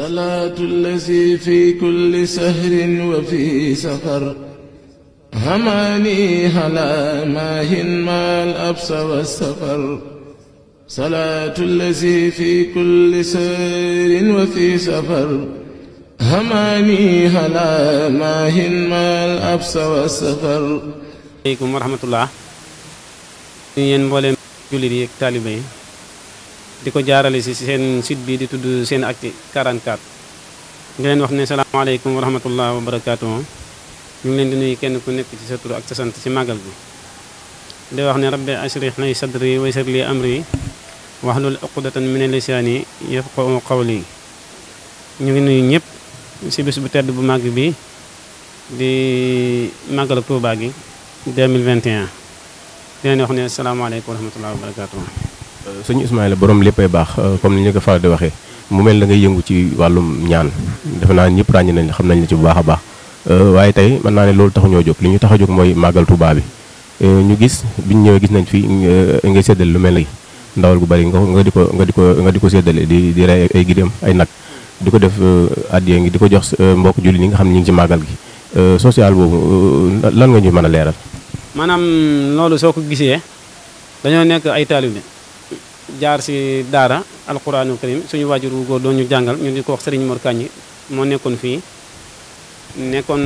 صلاة الذي في كل سهر وفي سفر هماني هلا ماهن ما الأبس والسفر صلاة الذي في كل سهر وفي سفر هماني هلا ماهن ما الأبس والسفر عليكم ورحمة الله ين جلدي جولي تالي di ko jaarale ci seen site bi di tudd seen acte 44 di leen wax ne alaykum wa rahmatullah wa barakatuh ñu ngi leen di nuyu kenn ku nekk ci sa tur ak sa sant ci magal bi di wax ne rabbi ashrih li sadri wa yassir li amri hlul uqdatan min lisani yafqahu qawli ñu ngi nuyu ñëpp ci bis bu tedd bu mag bi di magal touba gi 2021 di leen wax ne alaykum wa rahmatullah wa barakatuh Euh, sëñ Ismaïla borom léppay baax euh, comme ni ñu ko faral di waxee mu mel da ngay yëngu ci wàllum ñaan defe naa ñëpp ràññe nañ la xam nañ la ci bu baax a baax euh, waaye tey mën naa ne loolu taxu ñoo jóg li ñu tax a jóg mooy màggal Tuubaa bi ñu gis biñ ñëwee gis nañ fi ngay séddale lu mel ni ndawal bu bari nga di ko nga di ko nga di ko séddale di di rey ay gideem ay nag di ko def addiya ngi di ko jox mbokk julli ñi nga xam ne ñu ngi ci màggal gi social boobu lan nga ñu mën a leeral maanaam loolu soo ko gisee dañoo nekk ay taalibe jaar si dara alquranul karim suñu wajur go do ñu jangal ñu di ko wax Serigne Mor Kañi moo nekkoon fii nekkoon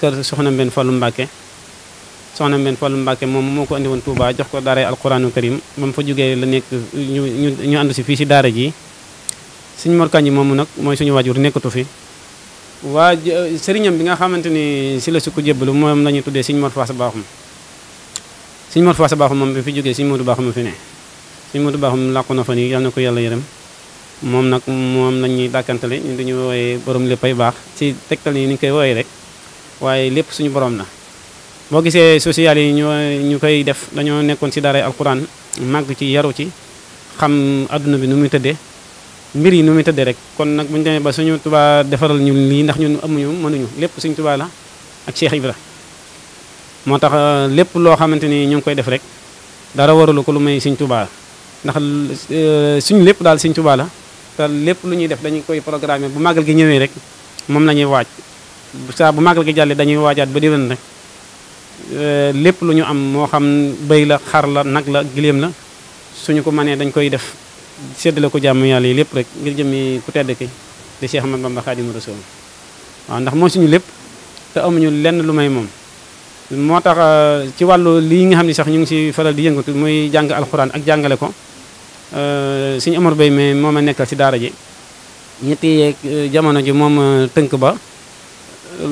kër soxna Mbène fallu Mbacke soxna Mbène fallu Mbacke mom moko ko andi won Touba jox ko dara alquranul karim mom fa jógee la nekk ñu ñu and ci si ci si ji Serigne Mor Kañi moomu nag suñu wajur nekkatu fi waa sëriñam bi nga xamanteni ni si la sukk jeblu mom lañu tuddé Serigne Mor sa baxum Serigne Mor Fass fi jógee Serigne Modou Bakhoum fi ne suñ mutu baaxum làqu na fa nii yàlla na ko yàlla yërëm moom nag moom nañ ñuy dàkkantale ñu dañu wooyee borom lépp ay baax si tegtal yi ni ñu koy wooyee rek waaye lépp suñu borom la boo gisee social yi ñu ñu koy def dañoo nekkoon ci daaray alquran màgg ci yaru ci xam adduna bi nu muy tëddee mbir yi nu muy tëddee rek kon nag bu ñu demee ba suñu tubaa defaral ñu lii ndax ñun amuñu mënuñu lépp suñu tubaa la ak Cheikh Ibra moo tax lépp loo xamante ni ñu ngi koy def rek dara waralu ko lu may suñ tubaa ndax eh, suñu lepp dal Sëñ touba la te lip lu ñuy def dañu koy programmer bu magal gi ñëwé rek mom lañuy ñuy bu sa bu magal gi jallé dañuy lip ba déwén rek eh, lepp lu ñu am mo xam bay la xar la nak la gilem la suñu ko mané dañ koy def séddale ko jamm yalla lepp rek ngir jëmi ku tedd ki di Cheikh Ahmadou Bamba khadim rasoul wa ndax mo suñu lepp te amuñu lenn lu may mom motax eh, ci walu li nga xamni sax ñu ngi faral di yëngatu muy jang ak jangale ko Euh, suñu Omar Bay mi moom a nekkal si daara ji ñetti yeeg eh, jamono ji moom eh, tënk ba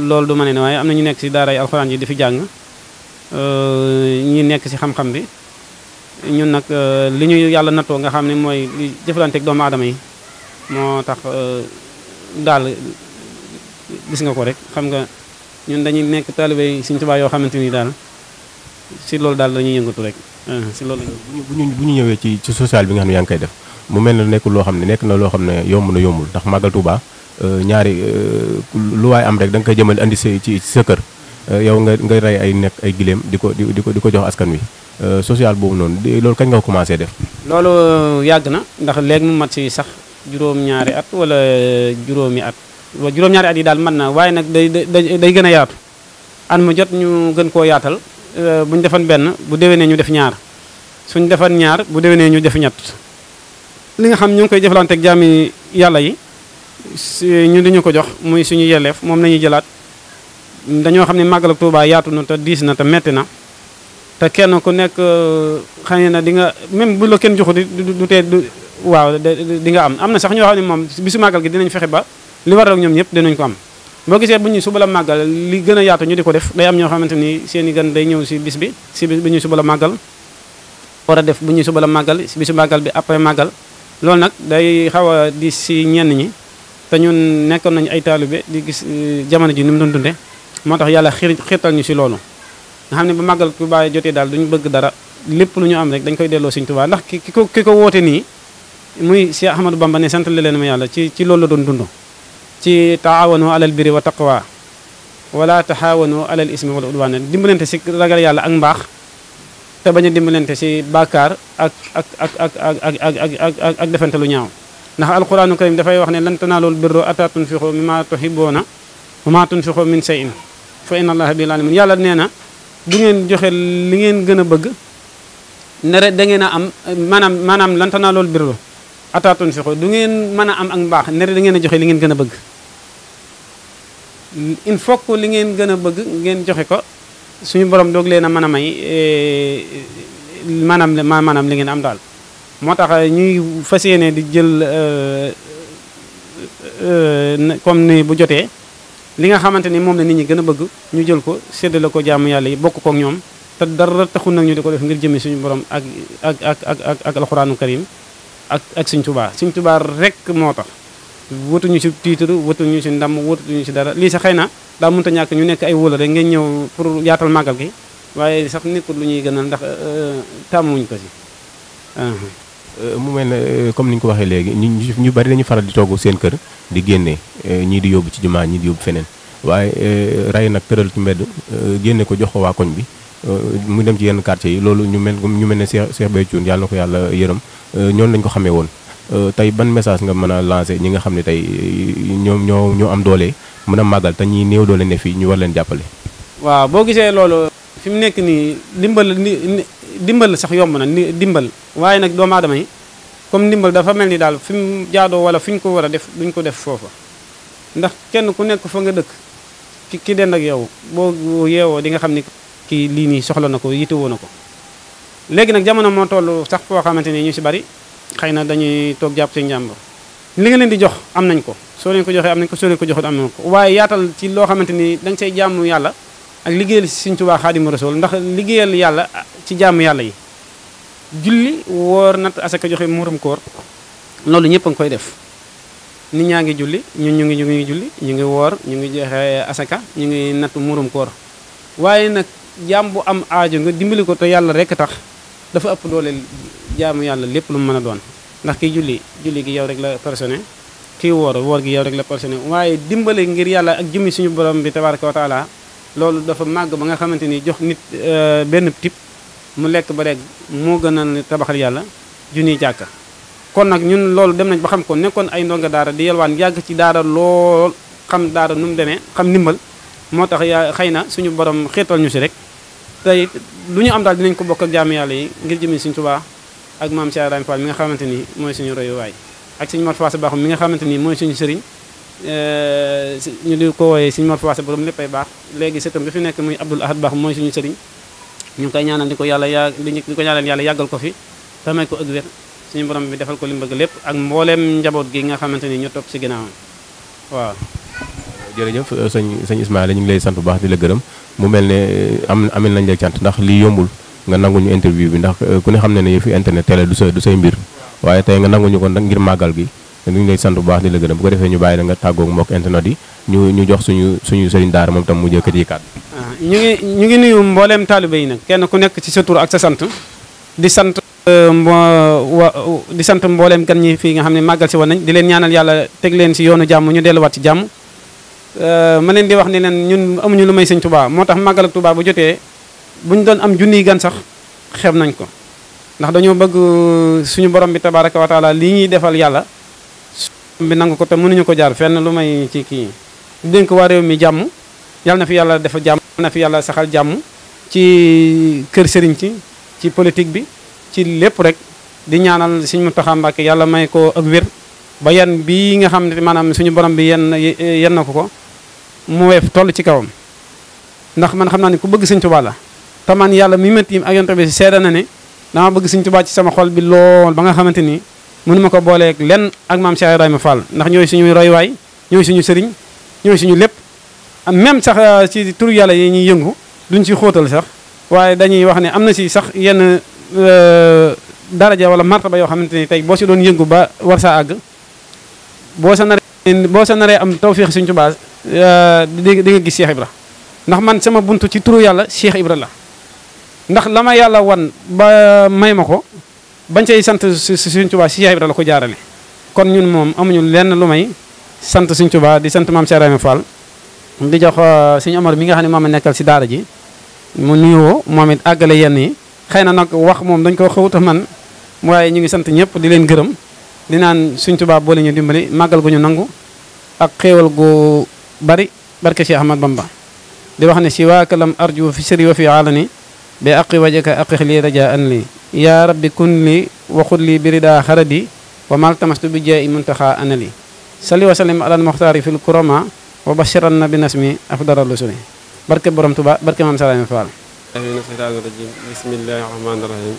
loolu du ma ne ne waaye am na ñu nekk si daara yi alxuraan ji di fi jàng euh, ñi nekk si xam-xam bi ñun nag eh, li ñu yàlla nattoo nga xam ne mooy jëflanteeg doomu aadama yi moo tax daal gis nga ko rek xam nga ñun dañuy nekk taalibe yi Sëriñ Tuubaa yoo xamante ni daal si loolu daal ah, lañuy yëngatu rek si loolu bu buñu ñëwee ci ci social bi nga xam ne yaa ngi koy def mu mel ne nekkul loo xam ne nekk na loo xam ne yomb na yombul ndax màggal Tuuba euh, ñaari euh, lu waay am rek da koy jëmale andi ci ci sa kër euh, yow nga nga rey ay nekk ay gilem di ko di ko di ko jox askan wi social boobu noonu loolu kañ nga ko commencé def. loolu yàgg na ndax léegi mu mat si sax juróom-ñaari at wala juróomi at juróom-ñaari at yi daal man na waaye nag day day day gën yaatu an mu jot ñu gën koo yaatal. Euh, bu ñu defan benn bu dewee déwénee ñu def ñaar suñ defan ñaar bu dewee déwénee ñu def ñett li nga xam ñu ngi koy jëflante ak jaami yàlla yi ñu di ñu ko jox muy suñu yelleef moom lañuy jëlaat dañoo xam ne màggal Tuubaa yaatu na te diis na te metti na te kenn ku nekk euh, xëy na di nga même bu la kenn joxu di du tee du waaw di nga am am na sax ñoo xam ne moom bisu màggal gi dinañ fexe ba li waral ak ñoom ñëpp dinañ ko am boo gisee bu ñu suba la màggal li gën a yaatu ñu di ko def day am ñoo xamante ni seen day ñëw si bis bi si bis bu ñuy suba la màggal war def bu suba la màggal si bisu magal bi après màggal loolu nag day xaw a di si ñenn ñi te ñun nekkoon nañu ay taalibe di gis eh, jamono ji ni mu doon dunde moo tax yàlla xir xirtal ñu si loolu nga xam ne bu màggal ku bàyyi jotee daal duñu bëgg dara lépp lu ñu am rek dañ koy delloo ndax ki ko ki ko woote muy Cheikh Ahmadou Bamba ne sant leen ma yàlla ci ci loolu la doon ci taawanu alal birri wa taqwa wala taxaawanu alal ismi wala udwaan dimbalante si ragal yàlla ak mbaax te bañ a si bàkkaar ak ak ak ak ak ak ak ak defante lu ñaaw ndax alquraanu karim dafay wax ne lan tanaalul birra hatta tunfiqu mimma tuhibbuuna wa ma tunfiqu min shay'in fa inna allaha bihi alimun yàlla nee na du ngeen joxe li ngeen gën a bëgg ne rek da ngeen a am maanaam maanaam lan tanaalul birra hatta tunfiqu du ngeen mën a am ak mbaax ne da ngeen joxe li ngeen gën a bëgg il faut que li ngeen gën a bëgg ngeen joxe ko suñu borom doog leen a mën a may eh, maanaam maanaam li ngeen am daal. moo tax eh, ñuy fas yéene di jël eh, comme ni bu jotee li nga xamante ni moom la nit ñi gën a bëgg ñu jël ko séddale ko jàmm yàlla yi bokk kook ñoom te dara taxul nag ñu di ko def ngir jëmee suñu borom ak ak ak ak ak alxuraanu karim ak ak suñ tubaa suñ tubaa rek moo tax. wutuñu si titre wutuñu si ndam wutuñu ci dara lii sax xëy na daa mënta ñàkk ñu nekk ay wóola rek ngeen ñëw pour yaatal màggal gi waaye sax nekkul lu ñuy gënal ndax euh, euh, tàmmuñ ko si. Euh, mu mel ne comme ni ñu ko waxee léegi ñu ñu bari dañu faral di togg seen kër di génne ñii di yóbbu ci jumaa ñii di yóbbu feneen waaye ray nag tëral ci mbedd génne ko jox ko waa koñ bi. mu dem ci yenn quartier yi loolu ñu mel ñu mel ne Cheikh Cheikh Béthio yàlla ko yàlla yërëm ñoon lañ ko xamee woon Euh, tey ban message nga mën a lancer ñi nga xam ne tey euh, ñoom ñoo ñoo am doole mën a màggal te ñi néew doole ne fii ñu war leen jàppale. waaw boo gisee loolu fi mu nekk nii dimbal ni dimbal sax yomb na ni dimbal waaye nag doomu aadama yi comme ndimbal dafa mel ni daal fi mu jaadoo wala fi ñu ko war a def duñ ko def foofa ndax kenn ku nekk fa nga dëkk ki ki dend ak yow boo yeewoo di nga xam ni kii lii nii soxla na ko yitewoo na ko léegi nag jamono moo toll sax foo xamante ni ñu si bari xëy na dañuy tok japp ci njàmbur li nga leen di jox am nañ ko so leen ko joxe am nañ ko so leen ko joxut am nañ ko waye yaatal ci lo xamanteni ni cey nga yalla ak liggeel ci liggéeyal Sëriñ khadim Xaadimu ndax liggeel yalla ci jàmm yalla yi julli wor nat asaka joxe muram koor loolu ñepp ngi koy def nit ñangi julli ñun ñu ngi ñu ngi julli ñu ngi wor ñu ngi joxe asaka ñu ngi nat muram koor waye nak jàmm am aaju nga dimbali ko to yalla rek tax dafa ëpp doole jaamu yalla lepp lu meuna doon ndax ki julli julli gi yow rek la personné ki wor wor gi yow rek la personné waye dimbalé ngir yalla ak jëmi suñu borom bi tabaraka taala loolu dafa mag ba nga xamanteni ni jox nit euh, ben tip mu lek ba rek mo gënal tabaxal yalla juni kon nak ñun loolu dem nañ ba xam ko nekkon ay ndonga dara di yelwaan yag ci dara lool xam dara num demé xam nimbal motax tax yaa suñu borom xétal ñu ci rek tay luñu am dal dinañ ko bokk ak yalla yi ngir jëmi suñu tuba ak maam Cheikh Ibrahima Fall mi nga xamante ni mooy suñu royuwaay ak suñu Mor Faasa Baaxum mi nga xamante ni mooy suñu sëriñ eh, ñu di ko wooyee suñu Mor Faasa borom léppay baax léegi sëtam bi fi nekk muy Abdul Ahad Baaxum mooy suñu sëriñ ñu ngi koy ñaanal di ko yàlla yaa di ko ñaanal yàlla yàggal ko fi te may ko ak wér suñu borom bi defal ko li mu lépp ak mbooleem njaboot gi nga xamante ni ñu topp si ginnaawam waaw jërëjëf sëñ sëñ Ismaïla ñu ngi lay sant bu baax di la gërëm mu mel ne am amel nañ nga ñu interview bi ndax euh, ku ne xam ne ne yëfi internet télé du sa du say mbir waaye tey nga nanguñu ko nag ngir màggal gi lay sant bu baax di la gërëm bu ko defee ñu bàyyi la nga tàggoog mbokk internet yi ñu ñu jox suñu suñu sëriñ daara moom tam mu jëkkati yi kàddu ah, ñu ngi ñu ngi nuyu mbooleem taalibe yi nag kenn ku nekk ci sa tur ak sa sant di sant euh, mbo di sant mbooleem gan ñi fii nga xam ne màggal si woon nañ di leen ñaanal yàlla teg leen si yoonu jàmm ñu delluwaat ci jàmm euh, ma leen di wax ni leen ñun amuñu lu may sëñ tubaa moo tax màggal ak Touba bu jotee buñ doon am junniy gan sax xeeb nañ ko ndax dañoo bëgg suñu borom bi tabaraka wa taala li ñuy defal yàlla bi nang ko te mënuñu ko jaar fenn lu may ci kii dénk waa réew mi jàmm yàlla na fi yàlla defa jàmm na fi yàlla saxal jàmm ci kër sëriñ ci ci politique bi ci lépp rek di ñaanal suñu yàlla may ko ak wér ba yan bi nga xam ne maanaam suñu borom bi yenn yenn na ko ko mu weef toll ci kawam ndax man xam naa ne ku bëgg la te man yàlla mi metti ak yonte bi seede na ne dama bëgg Sëñ tuba ci sama xol bi lool ba nga xamanteni ni mënuma ko ak lenn ak mam Cheikh Ibrahima Fall ndax ñooy suñu way ñoy suñu sëriñ ñoy suñu lépp même sax euh, ci tur yalla yi ñi yëngu duñ ci xootal sax waye dañuy wax ne am ci sax yenn euh, daraja wala martaba yo xamanteni tay bo ci doon yëngu ba war sa ag bo sa naree bo sa am tawféex tuba euh di nga gis Cheikh Ibra ndax man sama buntu ci turu yalla Cheikh Ibra ndax lama yalla won ba maymako bañ cey sante seigne touba si Cheikh Ibra la ko jaarale kon ñun mom amuñu lenn lu may sante seigne touba di sante mam Cheikh Ibrahima Fall di jox euh, seigne Omar mi nga xam ne nekkal si daara ji mu nuyo momit agale yenn yi xeyna nak wax mom dañ ko xewuta man waaye ñu ngi sante ñepp di leen gërëm di naan seigne touba bo ñu dimbali magal guñu nangu ak xewal gu bari barke Cheikh Ahmad Bamba di wax ne si kalam arju fi sirri wa fi alani bi aqi wajaka aqih li raja'an li ya rabbi kun li wa khud li birida kharadi wa mal tamastu bi ja'i muntaha anali salli wa sallim ala al-mukhtari fil kurama wa bashir an nabi nasmi afdar al-usuli barke borom tuba barke mam salam fal bismillahirrahmanirrahim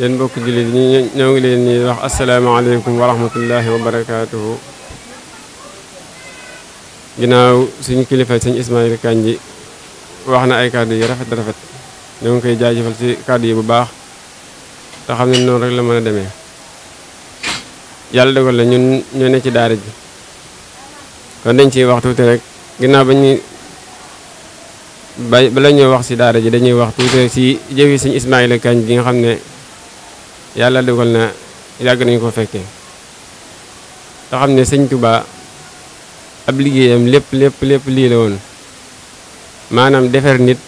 yen bokk julit ni ñoo ngi leen ni wax assalamu alaykum wa rahmatullahi wa barakatuh ginaaw suñu kilifa suñu ismaïl kanji wax na ay kàddu yi rafet rafet ñoo ngi koy jaajëfal ci kàddu yi bu baax te xam ne noonu rek la mën a demee yàlla dogal la ñun ñoo ne ci daara ji kon dañ ciy wax tuuti rek ginnaaw ba ñuy ba bala ñuy wax ci daara ji dañuy wax tuuti rek ci jëfi sëñ Ismaïla Kañ gi nga xam ne yàlla dogal na yàgg nañu ko fekkee te xam ne sëñ Tuubaa ab liggéeyam lépp lépp lépp lii la woon maanaam defar nit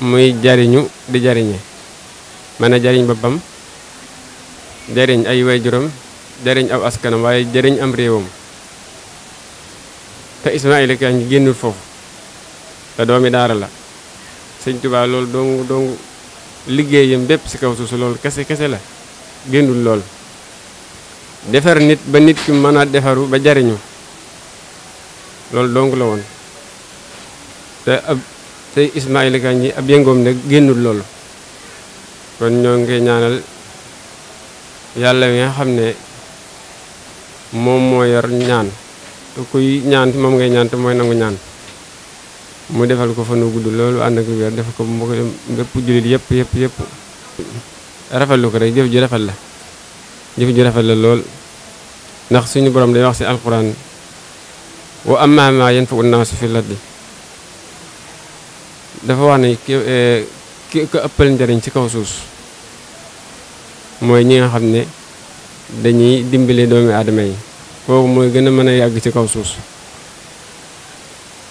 muy jariñu di jariñe mën a jariñ boppam jariñ ay way waajuram jariñ aw askanam waaye jariñ am réewam te Ismaayla Kañ génnul foofu te doomi daara la sëñ Tuubaa loolu doongu doongu liggéeyam bépp ci kaw suuf si loolu kese kese la génnul lool defar nit ba nit ki mën a defaru ba jariñu loolu dong la woon te ab te Ismaïla Kandji ab yengom ne gennul lolu kon ñoo ngi ñaanal yalla nga xamne ne mo yar ñaan kuy ñaan mom ngay ñaan te moy nangu ñaan mu defal ko fa no gudd lolu and ak wer def ko ngepp julit yep yep yep rafal lu ko rek def ju rafal la def ju rafal la lol ndax suñu borom day wax ci alquran wa amma ma yanfa'u an-nas fi al dafa wax ne eh, ki ko ëppal njariñ ci kaw suus mooy ñi nga xam ne dañuy dimbale doomi aadama yi kooku mooy gën a mën a yàgg ci kaw suus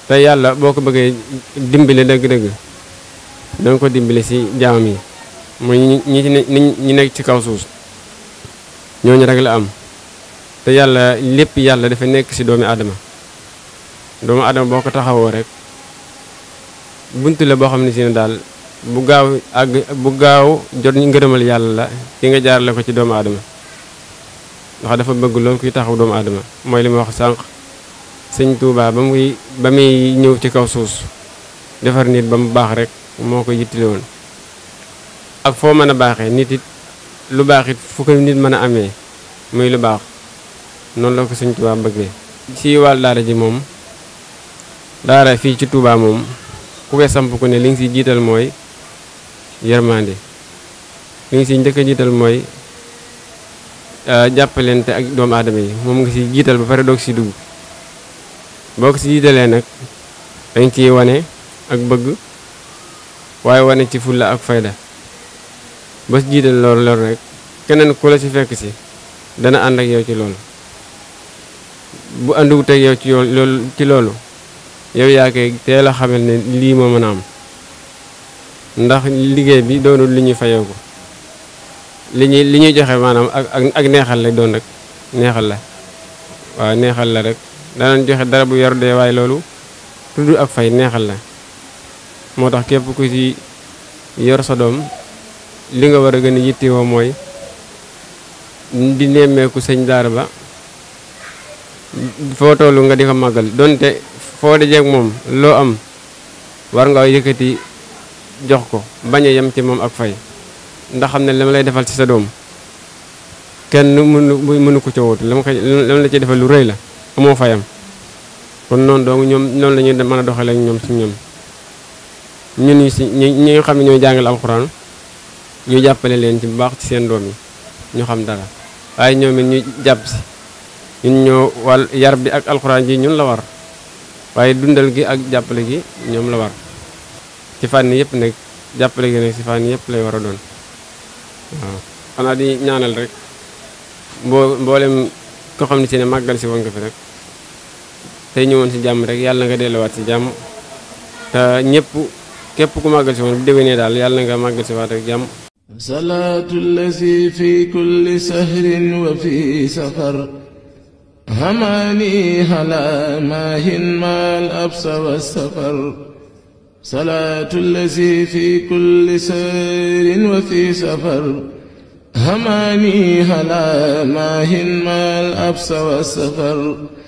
te yàlla boo ko bëggee dimbale dëgg-dëgg da ko dimbale ci jaamam yi mooy ñi ñi nekk ci kaw suus ñooñu rek la am te yàlla lépp yàlla dafa nekk ci doomi aadama doomu aadama boo ko taxawoo rek bunt la boo xam ne si ne daal bu gaaw àgg bu gaaw jot ñu ngërëmal yàlla la ki nga jaarale ko ci doomu aadama ndax dafa bëgg loolu kuy taxaw doomu aadama mooy li ma wax sànq sëñ Touba ba muy ba muy ñëw ci kaw suus defar nit ba mu baax rek moo ko yittile woon ak foo mën a baaxee nit it lu baax it fu ko nit mën a amee muy lu baax noonu la ko sëñ Touba bëggee. ci wàllu daara ji moom daara fii ci Touba moom. kuwe ku wesam ku ne li si jital mooy yermande li nga si njëkk jiital mooy eh, jàppalente ak doomu aadama yi moom nga si jital ba paradox si dugg boo si jiitalee ya nag dañ ciy wane ak bëgg waaye wane ci fulla ak fayda ba jital enak, lor loolu rek keneen ku la si fekk si dana ànd ak yow ci bu andu ak yow ci yool ci yow yaa koy teel a xamal ne lii ma mën a am ndax liggéey bi doonul li ñuy fayoo ko li ñuy li ñuy joxe maanaam ak ak neexal la doon rek neexal la waaw neexal la rek danañ joxe dara bu yaru dee waaye loolu tudd ak fay neexal la moo tax képp ku ci yor sa doom li nga war a gën a yittewoo mooy di nemmeeku sëñ daar ba foo tollu nga di ko màggal donte foo jeek moom loo am war nga yëkkati jox ko bañ a yem ci moom ak fay ndax xam ne li lay defal ci sa doom kenn mënu mënu ko coowatu la ma koy la ma ci defal lu rëy la amoo fayam kon noon donc ñoom noonu la mën a doxalee ak ñoom si ñoom ñun ñu ñi xam ne ñooy jàngal alxuraan ñu jàppale leen ci bu baax ci seen doom yi ñu xam dara waaye ñoom it ñu jàpp si ñun ñoo wàll yar bi ak alxuraan ji ñun la war. waaye dundal gi ak jàppale gi ñoom la war ci fànn yëpp nag jàppale gi nag ci fànn yëpp lay war a doon waaw xanaa di ñaanal rek mboo mboolem ko xam ne si ne màggal si woon nga fi rek tey ñëwoon ci jàmm rek yàlla na nga delluwaat ci jàmm te ñëpp képp ku màggal si woon bu déwénee daal yàlla na nga màggal si waat rek jàmm salaatu lazi fi kulli sahrin wa fi safar هماني هلا ما هن ما الأبس والسفر صلاة الذي في كل سير وفي سفر هماني هلا ما هن ما الأبس والسفر